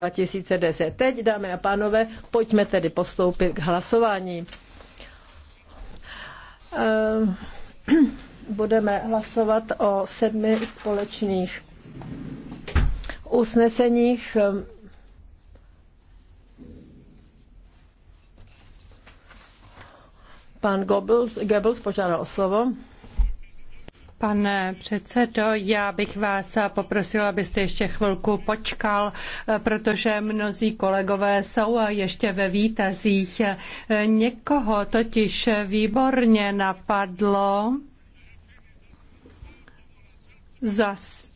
2010. Teď, dámy a pánové, pojďme tedy postoupit k hlasování. Eh, budeme hlasovat o sedmi společných usneseních. Pan Goebbels, Goebbels požádal o slovo. Pane předsedo, já bych vás poprosila, abyste ještě chvilku počkal, protože mnozí kolegové jsou ještě ve výtazích. Někoho totiž výborně napadlo zas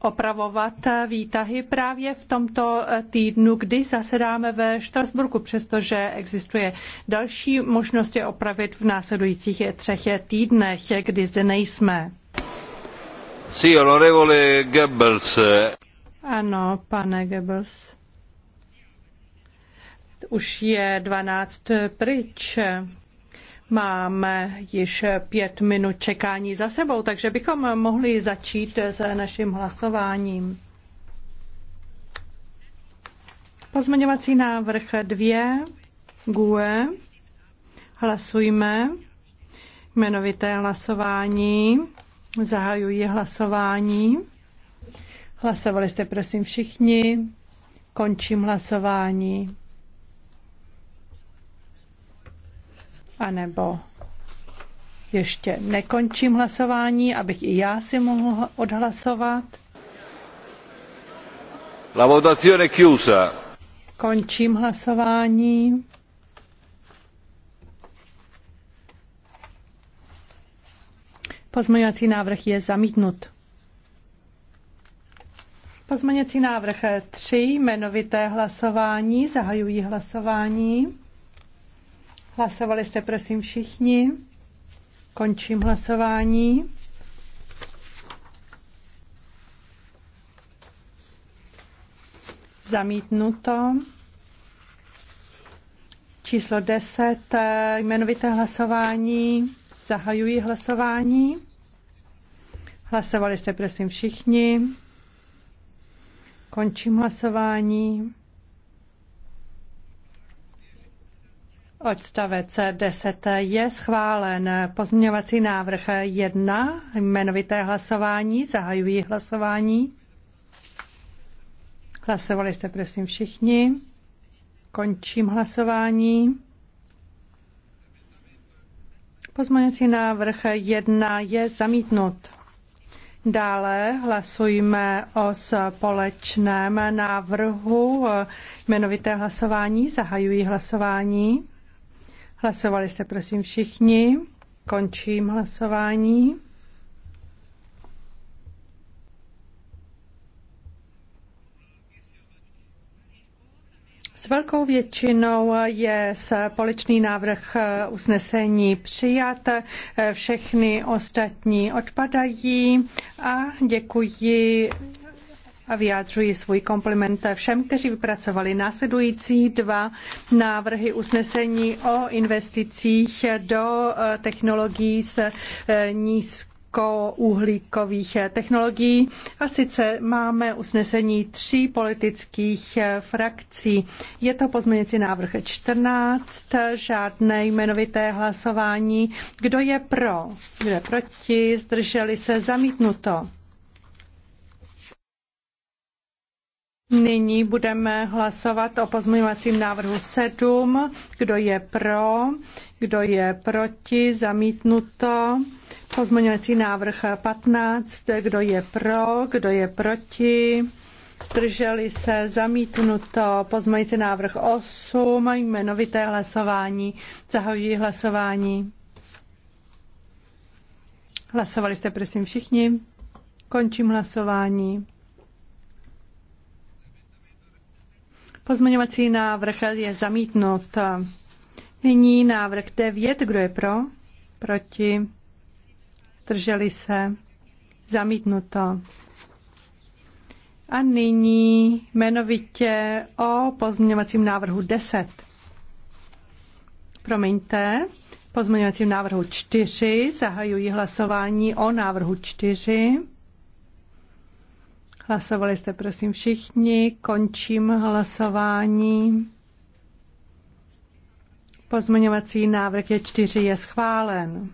opravovat výtahy právě v tomto týdnu, kdy zasedáme ve Štrasburku, přestože existuje další možnost je opravit v následujících třech týdnech, kdy zde nejsme. Sí, honorevole Goebbels. Ano, pane Goebbels. Už je 12 pryč. Máme již pět minut čekání za sebou, takže bychom mohli začít s naším hlasováním. Pozměňovací návrh 2, GUE. Hlasujme. Jmenovité hlasování. Zahajuji hlasování. Hlasovali jste prosím všichni. Končím hlasování. anebo ještě nekončím hlasování, abych i já si mohl odhlasovat. La votazione chiusa. Končím hlasování. Pozměňovací návrh je zamítnut. Pozměňovací návrh 3, jmenovité hlasování, zahajují hlasování. Hlasovali jste prosím všichni. Končím hlasování. Zamítnuto. Číslo 10. Eh, jmenovité hlasování. Zahajuji hlasování. Hlasovali jste prosím všichni. Končím hlasování. Odstavec 10 je schválen. Pozměňovací návrh 1, jmenovité hlasování, zahajují hlasování. Hlasovali jste prosím všichni. Končím hlasování. Pozměňovací návrh 1 je zamítnut. Dále hlasujeme o společném návrhu jmenovité hlasování. Zahajují hlasování. Hlasovali jste prosím všichni. Končím hlasování. S velkou většinou je společný návrh usnesení přijat, všechny ostatní odpadají a děkuji a vyjádřuji svůj kompliment všem, kteří vypracovali následující dva návrhy usnesení o investicích do eh, technologií s nízkou eh, nízkouhlíkových eh, technologií. A sice máme usnesení tří politických frakcí. Je to pozměňující návrh 14, žádné jmenovité hlasování. Kdo je pro? Kdo je proti? Zdrželi se? Zamítnuto. Nyní budeme hlasovat o pozměňovacím návrhu 7. Kdo je pro? Kdo je proti? Zamítnuto. Pozměňovací návrh 15. Kdo je pro? Kdo je proti? Drželi se zamítnuto pozměňující návrh 8, jmenovité hlasování. Zahajuji hlasování. Hlasovali jste prosím všichni. Končím hlasování. Pozměňovací návrh je zamítnut. Nyní návrh 9. Kdo je pro? Proti? Zdrželi se? Zamítnuto. A nyní jmenovitě o pozměňovacím návrhu 10. Promiňte, pozměňovacím návrhu 4 zahajuji hlasování o návrhu 4. Hlasovali jste prosím všichni. Končím hlasování. Pozměňovací návrh je 4 je schválen.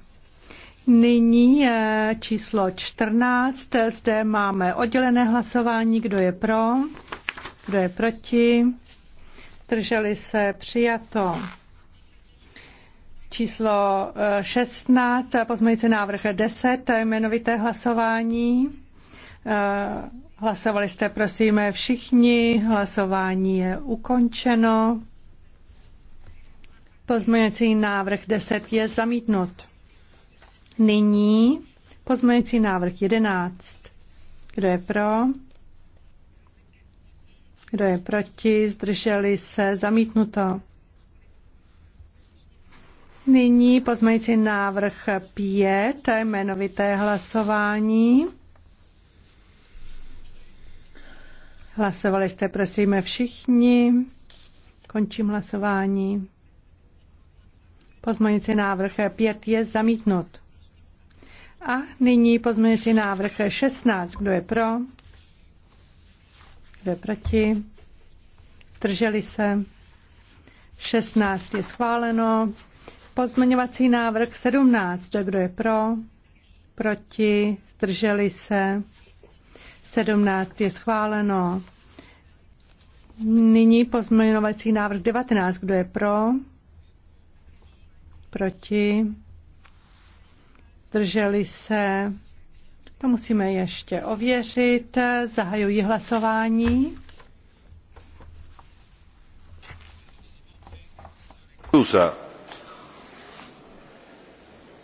Nyní je číslo 14. Zde máme oddělené hlasování. Kdo je pro? Kdo je proti? Drželi se přijato. Číslo 16, eh, Pozměňovací návrh je 10, jmenovité hlasování. Eh, hlasovali jste, prosím, všichni. Hlasování je ukončeno. Pozměňovací návrh 10 je zamítnut. Nyní pozměňovací návrh 11. Kdo je pro? Kdo je proti? Zdrželi se? Zamítnuto. Nyní pozměňovací návrh 5, jmenovité hlasování. Hlasovali jste, prosím, všichni. Končím hlasování. Pozměňující návrh 5 je zamítnut. A nyní pozměňující návrh 16. Kdo je pro? Kdo je proti? Drželi se? 16 je schváleno. Pozměňovací návrh 17. Kdo je pro? Proti? Zdrželi se? 17 je schváleno. Nyní pozměňovací návrh 19. Kdo je pro? Proti? Drželi se? To musíme ještě ověřit. Zahajuji hlasování. Usa.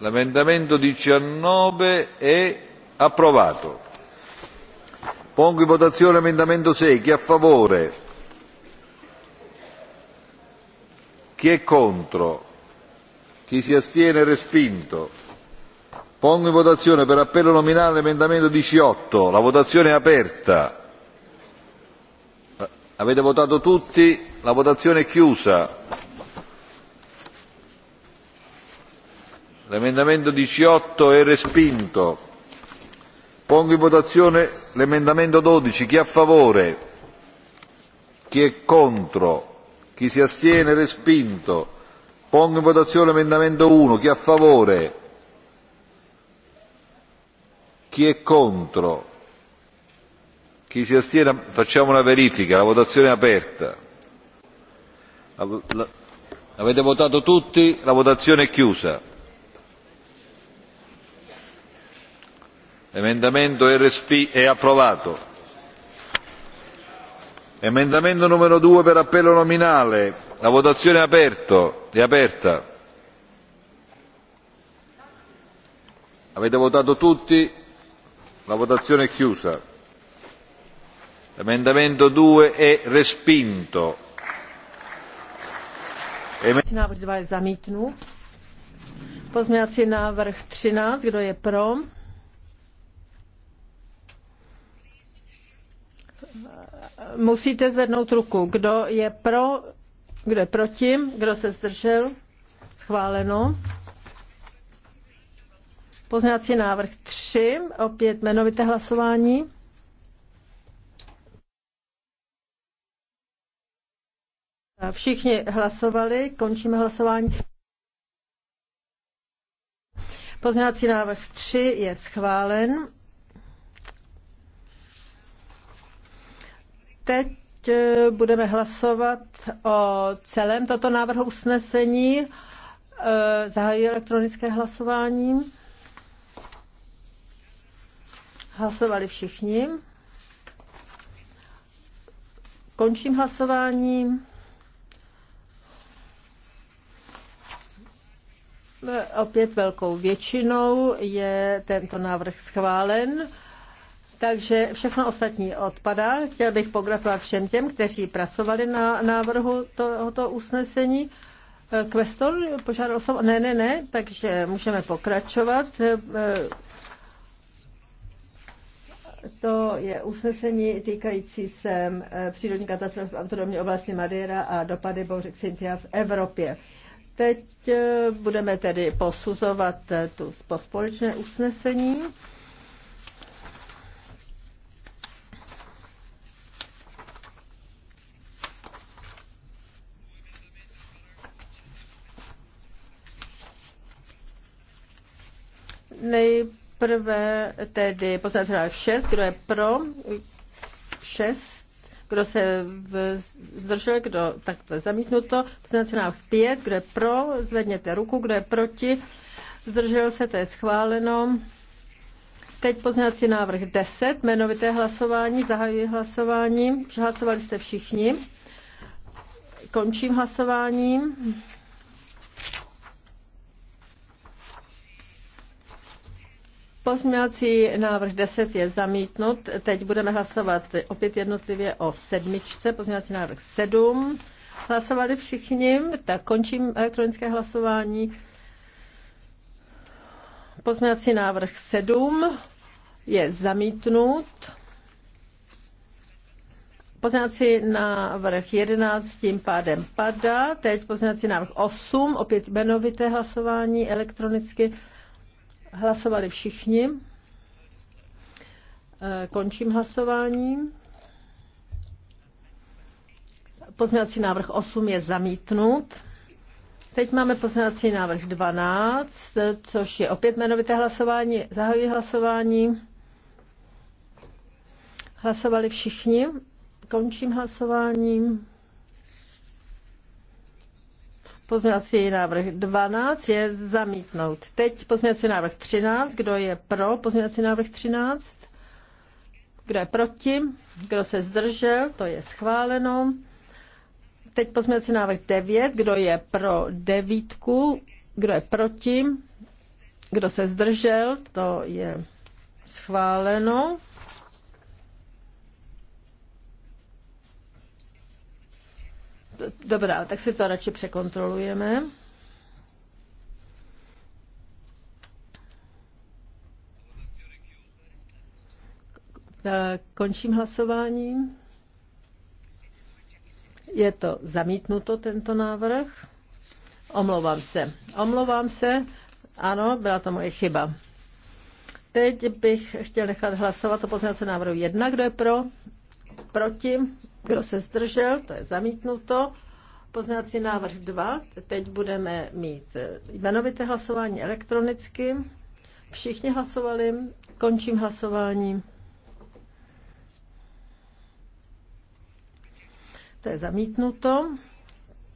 L'emendamento 19 è approvato. Pongo in votazione l'emendamento 6. Chi è a favore? Chi è contro? Chi si astiene? Respinto. Pongo in votazione per appello nominale l'emendamento 18. La votazione è aperta. Eh, avete votato tutti? La votazione è chiusa. L'emendamento 18 è respinto. Pongo in votazione l'emendamento 12. Chi è a favore? Chi è contro? Chi si astiene? Respinto. Pongo in votazione l'emendamento 1. Chi è a favore? Chi è contro? Chi si astiene? Facciamo una verifica. La votazione è aperta. avete votato tutti? La votazione è chiusa. emendamento rsp è approvato emendamento numero due per appello nominale la votazione è, aperto, è aperta avete votato tutti la votazione è chiusa emendamento due è respinto Návrh 2 je zamítnut. Pozměňovací návrh 13, kdo je pro? Musíte zvednout ruku. Kdo je pro, kdo je proti, kdo se zdržel? Schváleno. Poznávací návrh 3, opět jmenovité hlasování. Všichni hlasovali, končíme hlasování. Poznávací návrh 3 je schválen. Teď eh, budeme hlasovat o celém toto návrhu usnesení. Eh, zahajuji elektronické hlasování. Hlasovali všichni. Končím hlasování. Eh, opět velkou většinou je tento návrh schválen. Takže všechno ostatní odpadá. Chtěl bych pogratulovat všem těm, kteří pracovali na návrhu tohoto usnesení. Eh, Kvestor požádal o Ne, ne, ne, takže můžeme pokračovat. Eh, to je usnesení týkající se eh, přírodní katastrofy v autonomní oblasti Madeira a dopady bouřek Cynthia v Evropě. Teď budeme tedy posuzovat tu společné usnesení. Nejprve tedy poslanec 6, kdo je pro, 6, kdo se zdržel, kdo tak to je zamítnuto. Poslanec návrh 5, kdo je pro, zvedněte ruku, kdo je proti, zdržel se, to je schváleno. Teď pozměňovací návrh 10, jmenovité hlasování, zahajuji hlasování, hlasovali jste všichni. Končím hlasováním. Pozměňovací návrh 10 je zamítnut. Teď budeme hlasovat opět jednotlivě o sedmičce. Pozměňovací návrh 7. Hlasovali všichni, tak končím elektronické hlasování. Pozměňovací návrh 7 je zamítnut. Pozměňovací návrh 11 tím pádem padá. Teď pozměňovací návrh 8, opět jmenovité hlasování elektronicky. Hlasovali všichni. E, končím hlasování. Pozměňovací návrh 8 je zamítnut. Teď máme pozměňovací návrh 12, což je opět jmenovité hlasování. Zahajuji hlasování. Hlasovali všichni. Končím hlasováním. Pozměňovací návrh 12 je zamítnout. Teď pozměňovací návrh 13. Kdo je pro pozměňovací návrh 13? Kdo je proti? Kdo se zdržel? To je schváleno. Teď pozměňovací návrh 9. Kdo je pro devítku? Kdo je proti? Kdo se zdržel? To je schváleno. Dobrá, tak si to radši překontrolujeme. E, končím hlasováním. Je to zamítnuto, tento návrh. Omlouvám se. Omlouvám se. Ano, byla to moje chyba. Teď bych chtěl nechat hlasovat o pozměňovacím návrhu 1. Kdo je pro? Proti? Kdo se zdržel, to je zamítnuto. Poznací návrh 2. Teď budeme mít jmenovité hlasování elektronicky. Všichni hlasovali. Končím hlasování. To je zamítnuto.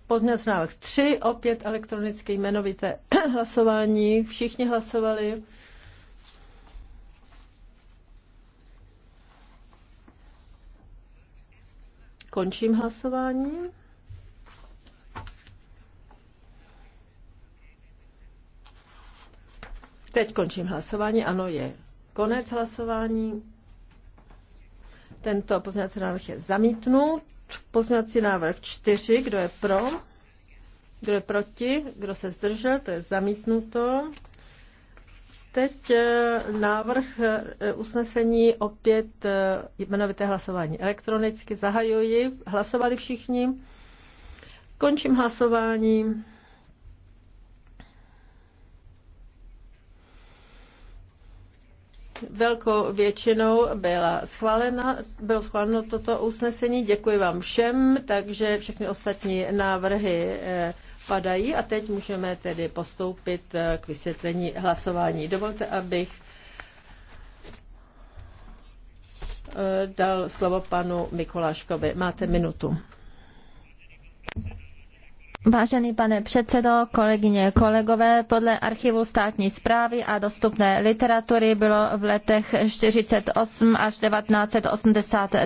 Podmět návrh 3, opět elektronické jmenovité hlasování. Všichni hlasovali. Končím hlasování. Teď končím hlasování. Ano, je konec hlasování. Tento pozměňovací návrh je zamítnut. Pozměňovací návrh 4. Kdo je pro? Kdo je proti? Kdo se zdržel? To je zamítnuto. Teď eh, návrh eh, usnesení opět eh, jmenovité hlasování elektronicky. Zahajuji. Hlasovali všichni. Končím hlasování. velkou většinou byla schválena, bylo schváleno toto usnesení. Děkuji vám všem, takže všechny ostatní návrhy padají a teď můžeme tedy postoupit eh, k vysvětlení hlasování. Dovolte, abych eh, dal slovo panu Mikuláškovi. Máte minutu. Vážený pane předsedo, kolegyně, kolegové, podle archivu státní zprávy a dostupné literatury bylo v letech 48 až 1980